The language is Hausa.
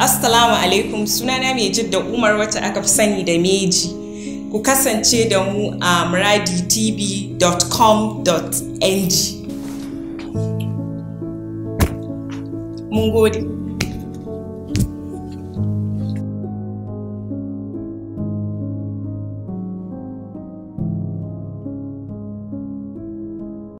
Assalamu alaikum sunana mai jidda Umar wacce aka fi sani da meji. Ku kasance da mu a muraditv.com.ng. Mun gode.